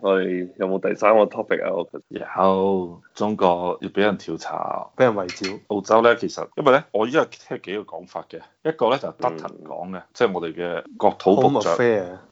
我哋有冇第三個 topic 啊？我覺得有，中國要俾人調查，俾人圍剿。澳洲咧，其實因為咧，我依家聽幾個講法嘅，一個咧就係 Dutton 講嘅，嗯、即係我哋嘅國土部長，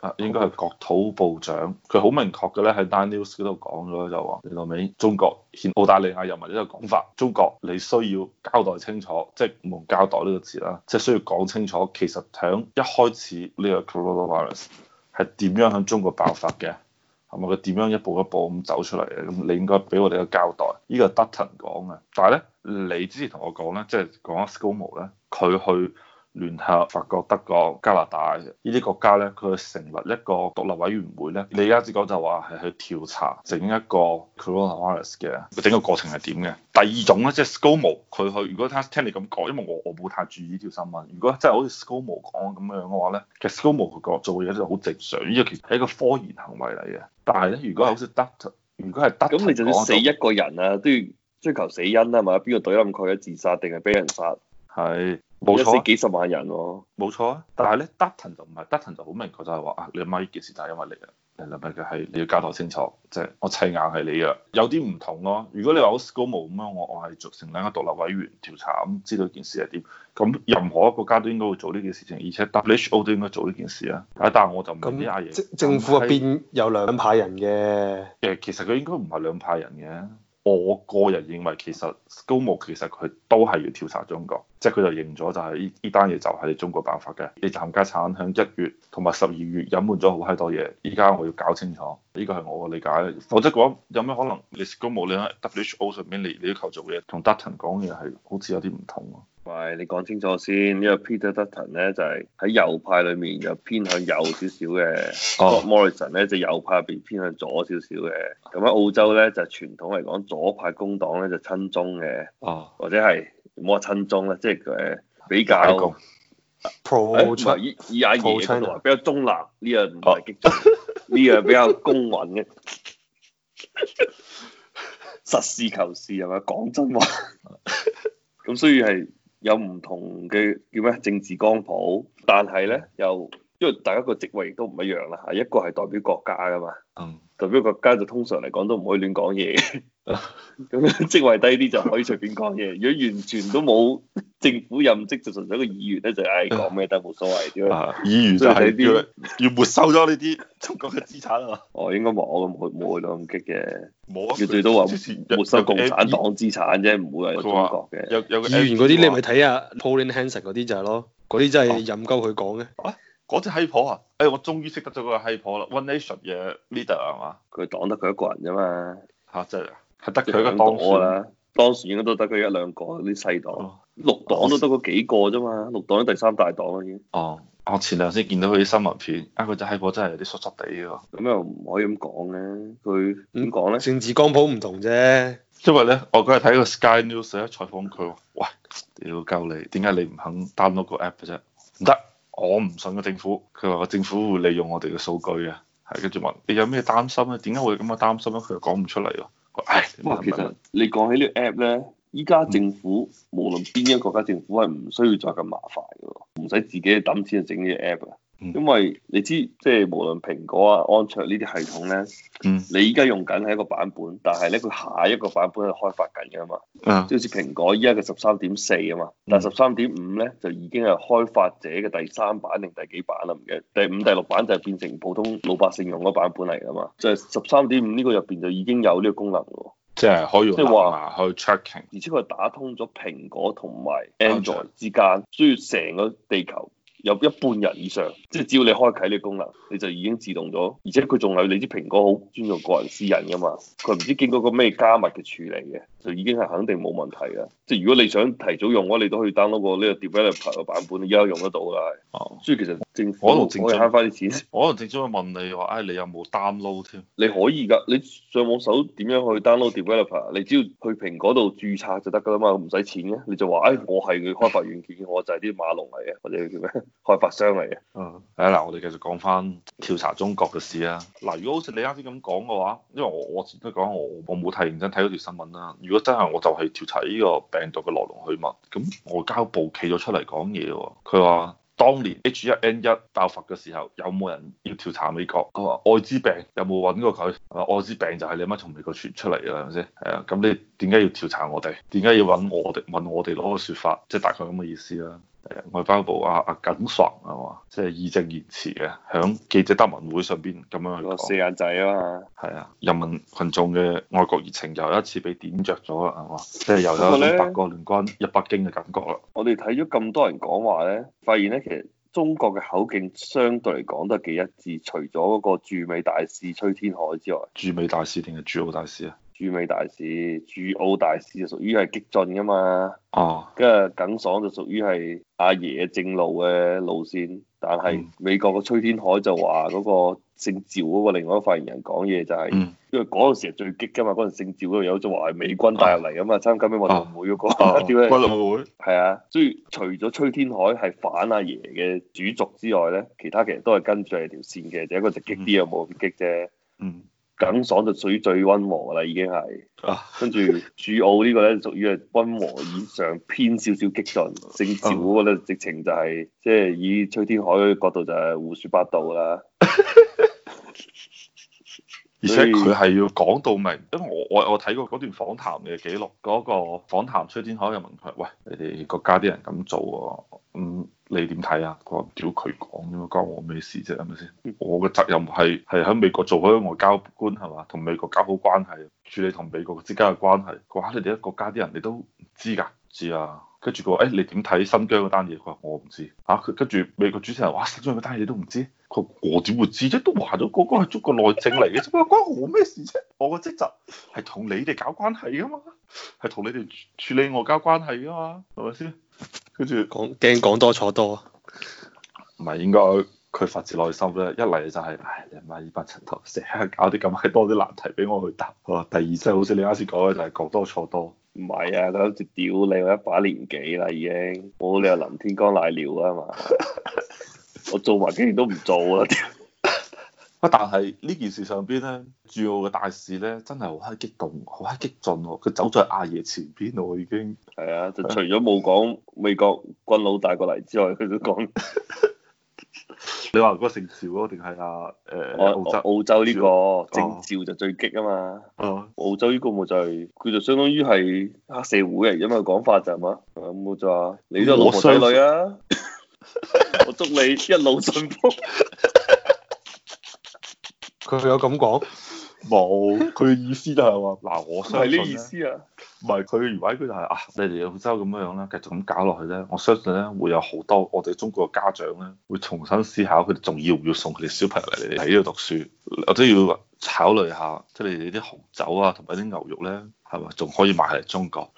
啊，應該係國土部長，佢好的明確嘅咧，喺 Nine News 嗰度講咗就話，你明唔明？中國欠澳大利亞人民呢個講法，中國你需要交代清楚，即係唔交代呢個字啦，即係需要講清楚，其實喺一開始呢個 Corona Virus 係點樣喺中國爆發嘅。 係咪佢點樣一步一步咁走出嚟嘅？咁你應該俾我哋一個交代。依個 Dutton 講嘅，但係咧，你之前同我講咧，即係講阿斯高摩咧，佢去。聯合法國、德國、加拿大呢啲國家咧，佢成立一個獨立委員會咧。你而家只講就話係去調查整一個 Coronavirus 嘅整個過程係點嘅。第二種咧，即係 Scomo 佢去，如果聽你咁講，因為我我冇太注意呢條新聞。如果真係好似 Scomo 講咁樣嘅話咧，其實 Scomo 佢講做嘅嘢就好正常，呢個其實係一個科研行為嚟嘅。但係咧，如果係好似 Doctor 如果係 Doctor 咁，你就算死一個人啊，都要追求死因啊嘛？邊個懟咁佢啊？自殺定係俾人殺？係。冇錯、啊，幾十萬人喎、哦，冇錯啊。但係咧，Dutton 就唔係，Dutton 就好明確就係話啊，你阿媽呢件事就係因為你，你阿媽嘅係你要交代清楚，即、就、係、是、我砌硬係你噶。有啲唔同咯、啊。如果你話好 ScoMo 咁樣，我我係組成兩個獨立委員調查，咁、嗯、知道件事係點。咁、嗯、任何一個國家都應該會做呢件事情，而且 W H O 都應該做呢件事啊。但係我就唔知啱嘢。嗯、政府入邊有兩派人嘅。誒，其實佢應該唔係兩派人嘅。我個人認為，其實 Scomo 其實佢都係要調查中國，即係佢就認咗，就係呢依單嘢就係中國爆發嘅。你冚家鏟響一月同埋十二月隱瞞咗好閪多嘢，依家我要搞清楚，呢個係我嘅理解。否則嘅話，有咩可能你 s Scomo 你喺 WHO 上面嚟你要求做嘢？同 Dutton 講嘢係好似有啲唔同。唔、哎、你講清楚先。因為 Peter Dutton 咧就係、是、喺右派裏面又偏向右少少嘅，Morrison 咧就是、右派入邊偏向左少少嘅。咁喺澳洲咧就是、傳統嚟講，左派工黨咧就親中嘅，oh. 或者係唔好話親中啦，即係誒比較 p r 個、啊啊、阿嘢比較中立，呢、呢個唔係激進，呢、oh. 個比較公允嘅， 實事求是係咪？講真話，咁 所以係。有唔同嘅叫咩？政治光譜，但係咧又。因為大家個職位亦都唔一樣啦，一個係代表國家噶嘛，代表國家就通常嚟講都唔可以亂講嘢，咁職位低啲就可以隨便講嘢。如果完全都冇政府任職，就純粹一個議員咧，就唉講咩都冇所謂，嗯、所以 議員就係要沒收咗呢啲中國嘅資產啊嘛。哦，應該冇咁，冇冇去到咁激嘅，冇啊，佢最多話沒收共產黨資產啫，唔會係中國嘅，啊。有有，有個議員嗰啲，你咪睇下 Pauline Hanson 嗰啲就係咯，嗰啲真係任鳩佢講嘅。啊嗰隻閪婆啊！哎，我終於識得咗嗰個閪婆啦，One Nation 嘅 leader 係嘛？佢擋得佢一個人啫嘛。吓、啊，真係啊！係得佢一個黨嘅啦。當時應該都得佢一兩個，啲細黨、哦、六黨都得嗰幾個啫嘛，六黨都第三大黨啦已經。哦，我前兩先見到佢啲新聞片，啊，嗰隻閪婆真係有啲衰衰地喎。咁又唔可以咁講嘅，佢點講咧？政治光譜唔同啫。因為咧，我嗰日睇個 Sky News 嘞，採訪佢話：，喂，屌鳩你，點解你唔肯 download 個 app 啫？唔得。我唔信個政府，佢話個政府會利用我哋嘅數據啊。係跟住問你有咩擔心咧？點解會咁嘅擔心咧？佢又講唔出嚟喎。唉，啊其實你講起呢個 app 咧，依家政府、嗯、無論邊一個國家政府係唔需要再咁麻煩嘅，唔使自己揼錢去整呢個 app 嘅。嗯、因為你知，即係無論蘋果啊、安卓呢啲系統咧，嗯、你依家用緊係一個版本，但係咧佢下一個版本係開發緊噶嘛，即好似蘋果依家嘅十三點四啊嘛，但係十三點五咧就已經係開發者嘅第三版定第幾版啦，唔記得第五、第六版就變成普通老百姓用嘅版本嚟啊嘛。就係十三點五呢個入邊就已經有呢個功能咯，即係、啊啊、可以即係話去 tracking，而且佢打通咗蘋果同埋 Android 之間，全所以成個地球。有一半人以上，即係只要你開啟呢個功能，你就已經自動咗，而且佢仲有你知蘋果好尊重個人私隱噶嘛，佢唔知經過個咩加密嘅處理嘅，就已經係肯定冇問題嘅。即係如果你想提早用嘅話，你都可以 download 個呢個 developer 嘅版本，而家用得到噶係。哦，啊、所以其實政府我我慳翻啲錢，我可能正去問你話，唉，你有冇 download 添？你可以噶，你上網搜點樣去 download developer，你只要去蘋果度注冊就得噶啦嘛，唔使錢嘅，你就話唉、哎，我係佢開發軟件， 我就係啲馬龍嚟嘅，或者叫咩？開發商嚟啊！誒嗱、嗯，我哋繼續講翻調查中國嘅事啊！嗱，如果好似你啱先咁講嘅話，因為我我都講我我冇太認真睇嗰條新聞啦、啊。如果真係我就係調查呢個病毒嘅來龍去脈，咁外交部企咗出嚟講嘢喎。佢話當年 H1N1 爆發嘅時候，有冇人要調查美國？佢話愛滋病有冇揾過佢？話愛滋病就係你媽從美國傳出嚟嘅係咪先？係啊，咁你點解要調查我哋？點解要揾我哋問我哋攞個説法？即、就、係、是、大概咁嘅意思啦、啊。誒，外交部阿阿耿爽係嘛？即係義正言辭嘅，響記者答問會上邊咁樣去講。四眼仔啊嘛，係啊！人民群眾嘅愛國熱情又一次被點着咗啦，係嘛？即係又有八國聯軍入北京嘅感覺啦。我哋睇咗咁多人講話咧，發現咧其實中國嘅口徑相對嚟講都係幾一致，除咗嗰個駐美大使崔天凱之外，駐美大使定係駐澳大使啊？駐美大使、駐澳大使就屬於係激進噶嘛，哦、啊，跟住耿爽就屬於係阿爺嘅正路嘅路線，但係美國嘅崔天凱就話嗰個姓趙嗰個另外一個發言人講嘢就係、是，嗯、因為嗰陣時係最激噶嘛，嗰陣姓趙嗰個有種話係美軍帶入嚟咁嘛，參加咩運動會嗰個，叫咩軍運會？係啊，啊啊所以除咗崔天凱係反阿爺嘅主族之外咧，其他其實都係跟住係條線嘅，就一個直激啲又冇咁激啫。嗯。耿爽就屬於最溫和啦，已經係。跟住主澳個呢個咧，屬於係溫和以上，偏少少激進。姓趙嗰個咧，直情就係即係以崔天凱角度就係胡說八道啦。 而且佢係要講到明，因為我我我睇過嗰段訪談嘅記錄，嗰、嗰個訪談崔天凱嘅問題，喂你哋國家啲人咁做，啊，嗯你點睇啊？佢話屌佢講啫嘛，關我咩事啫係咪先？我嘅責任係係喺美國做開外交官係嘛，同美國搞好關係，處理同美國之間嘅關係。哇！你哋一國家啲人你都知㗎？知啊。跟住佢話誒，你點睇新疆嗰單嘢？佢話我唔知吓。佢跟住美國主持人話新疆嗰單嘢你都唔知？佢話我點會知啫？都話咗嗰個係中國內政嚟嘅啫，關我咩事啫？我個職責係同你哋搞關係噶嘛，係同你哋處理外交關係噶嘛，係咪先？跟住講，驚講多錯多，唔係應該佢發自內心咧。一嚟就係、是、唉，你媽依班蠢頭，成日搞啲咁多啲難題俾我去答。第二真係好似你啱先講嘅，就係講多錯多。錯多唔係啊！佢諗住屌你，我一把年紀啦，已經冇理由臨天光瀨尿啊嘛！ 我做埋竟然都唔做啦，不 但係呢件事上邊咧，駐澳嘅大使咧，真係好閪激動，好閪激進喎！佢走在阿爺前邊，我已經係啊！ 就除咗冇講美國軍佬帶過嚟之外，佢都講。 你話如果姓趙咯，定係阿誒，呃、澳洲澳洲呢、這個正兆、哦、就最激啊嘛。哦、澳洲呢個咪就、是，佢就相當於係黑社會嚟啫嘛，講法就係嘛。咁就話你都係老衰女啊。我，相 我祝你一路順風。 佢 有咁講？冇，佢意思就係話嗱，我相信係呢意思啊。唔係佢嘅原委，佢就係、是、啊！你哋澳洲咁樣樣啦，繼續咁搞落去咧，我相信咧會有好多我哋中國嘅家長咧，會重新思考佢哋仲要唔要送佢哋小朋友嚟你哋喺呢度讀書。我都要考慮下，即、就、係、是、你哋啲紅酒啊，同埋啲牛肉咧，係咪仲可以賣嚟中國？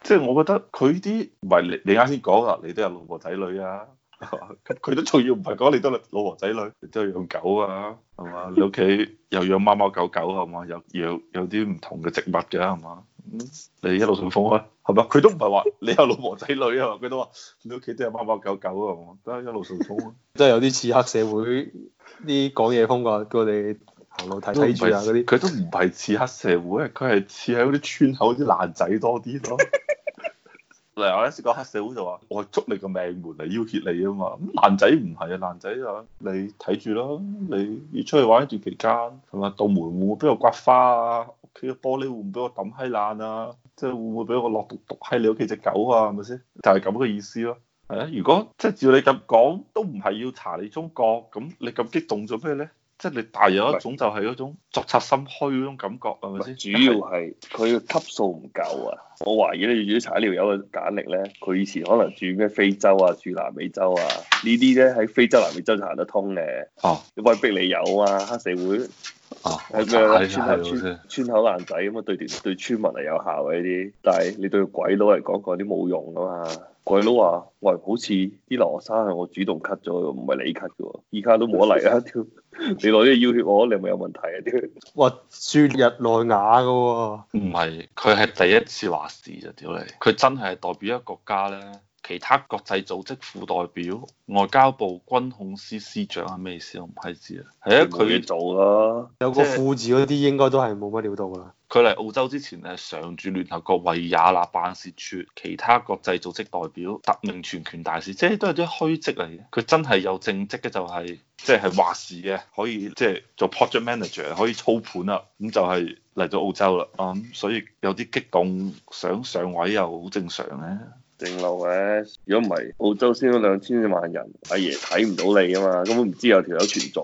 即 係我覺得佢啲唔係你，你啱先講噶，你都有老婆仔女啊。佢 都重要唔係講你多啦，老婆仔女，你都係養狗啊，係嘛？你屋企又養貓貓狗狗係嘛？有養有啲唔同嘅植物嘅係嘛？你一路順風啊，係嘛？佢都唔係話你有老婆仔女啊，佢都話你屋企都有貓貓狗狗啊，都係一路順風啊，即係 有啲似黑社會啲講嘢風叫你行路睇睇住啊嗰啲，佢都唔係似黑社會，佢係似喺嗰啲村口啲爛仔多啲咯。 嚟，我一時個黑社會就話：我捉你個命門嚟要挾你啊嘛！咁男仔唔係啊，男仔啊，你睇住啦，你要出去玩一段期間係嘛？道門會唔會俾我刮花啊？屋企嘅玻璃會唔會俾我抌閪爛啊？即係會唔會俾我落毒毒閪你屋企隻狗啊？係咪先？就係咁嘅意思咯、啊。係啊，如果即係照你咁講，都唔係要查你中國，咁你咁激動做咩咧？即係你大有一種就係嗰種作賊心虛嗰種感覺係咪先？是是主要係佢級數唔夠啊！我懷疑你如果查一條友嘅簡歷咧，佢以前可能住咩非洲啊，住南美洲啊呢啲咧，喺非洲南美洲就行得通嘅。哦、啊，威逼利誘啊黑社會。哦、啊。喺村口、啊、村，村口爛仔咁啊，對對村民係有效嘅呢啲，啊、但係你對鬼佬嚟講嗰啲冇用啊嘛。鬼佬話：喂，好似啲留學生係我主動 cut 咗，唔係你 cut 嘅喎。依家都冇得嚟啊！屌， 你攞啲要血我，你係咪有問題啊？屌，話説日內瓦嘅喎、哦，唔係，佢係第一次話事就屌你，佢真係代表一個國家咧，其他國際組織副代表、外交部軍控司司長係咩意思？我唔係知他啊，係啊、就是，佢做咯，有個副字嗰啲應該都係冇乜料到啦。佢嚟澳洲之前咧，常駐聯合國維也納辦事處其他國際組織代表、特命全權大使，即係都係虛職，有啲虛職嚟嘅。佢真係有正職嘅就係，係，即係話事嘅，可以即係做 project manager，可以操盤啦。咁就係嚟咗澳洲啦。啊、嗯，所以有啲激動想上位又好正常嘅。正路嘅，啊，如果唔係澳洲先有兩千幾萬人，阿爺睇唔到你啊嘛，根本唔知有條友存在。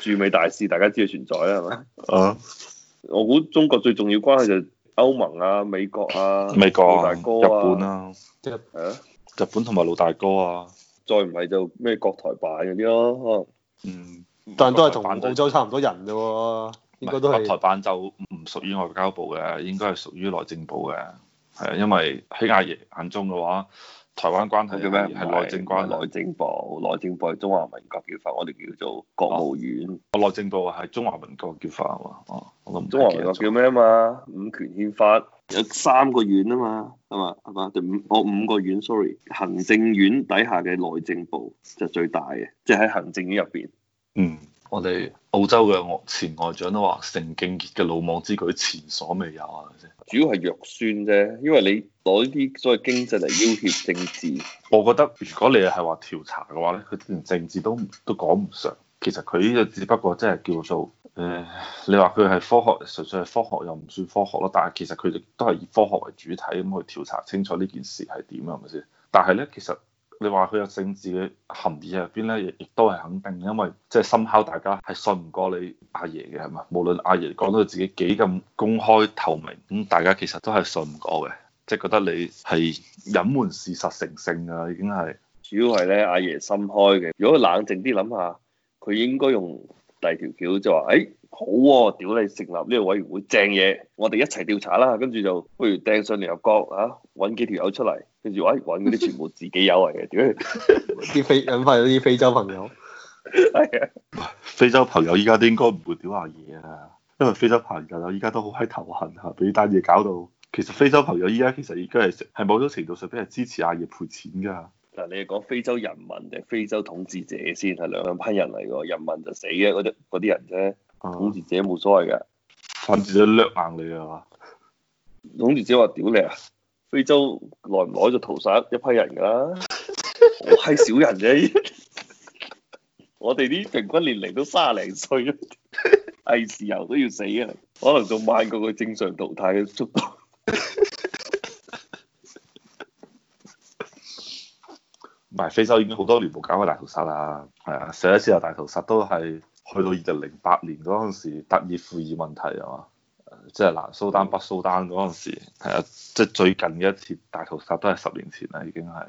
駐美大使大家知道存在啦，係嘛？啊。Uh 我估中國最重要關係就係歐盟啊、美國啊、美國啊、日本啦，嚇？日本同埋老大哥啊，再唔係就咩國台辦嗰啲咯。嗯，美國 但係都係同澳洲差唔多人啫喎，啊。應該都係。國台辦就唔屬於外交部嘅，應該係屬於內政部嘅。係啊，因為喺阿爺眼中嘅話。台灣關係嘅咩？係內政關係內政部，內政部係中華民國叫法，我哋叫做國務院。我、啊、內政部係中華民國叫法係嘛？哦、啊，我諗中華民國叫咩啊嘛？五權憲法有三個院啊嘛？係嘛？係嘛？五、哦、我五個院，sorry，行政院底下嘅內政部就最大嘅，即係喺行政院入邊。嗯。我哋澳洲嘅外前外長都話，成競業嘅魯莽之舉前所未有啊！主要係肉酸啫，因為你攞呢啲所謂經濟嚟要挾政治。我覺得如果你係話調查嘅話咧，佢連政治都都講唔上。其實佢呢個只不過即係叫做誒，你話佢係科學，純粹係科學又唔算科學咯。但係其實佢哋都係以科學為主體咁去調查清楚呢件事係點啊？係咪先？但係咧，其實。你話佢有政治嘅含義入邊咧，亦都係肯定，因為即係深口大家係信唔過你阿爺嘅，係嘛？無論阿爺講到自己幾咁公開透明，咁、嗯、大家其實都係信唔過嘅，即、就、係、是、覺得你係隱瞞事實成性㗎，已經係。主要係咧，阿爺心開嘅。如果冷靜啲諗下，佢應該用。第二條橋就話：誒、哎、好喎、啊，屌你成立呢個委員會正嘢，我哋一齊調查啦。跟住就不如掟上嚟入閣，啊，揾幾條友出嚟。跟住揾揾嗰啲全部自己友嚟嘅，點解啲非引翻啲非洲朋友？非洲朋友依家都應該唔會屌阿爺啊，因為非洲朋友依家都好喺頭痕嚇，俾單嘢搞到。其實非洲朋友依家其實已經係係某種程度上邊係支持阿爺賠錢㗎。嗱，你係講非洲人民定非洲統治者先？係兩兩批人嚟喎，人民就死嘅嗰啲啲人啫，統治者冇所謂噶，嗯、統治者掠硬你係嘛？統治者話：屌你啊！非洲耐唔耐就屠殺一批人噶啦，好少人啫，我哋啲 平均年齡都卅零歲，係時候都要死啊！可能仲慢過佢正常淘汰嘅速度。 唔係非洲已經好多年冇搞過大屠殺啦，係啊，上一次有大屠殺都係去到二零零八年嗰陣時，達爾富爾問題啊嘛，即係、就是、南蘇丹北蘇丹嗰陣時，係啊，即、就、係、是、最近嘅一次大屠殺都係十年前啦已經係。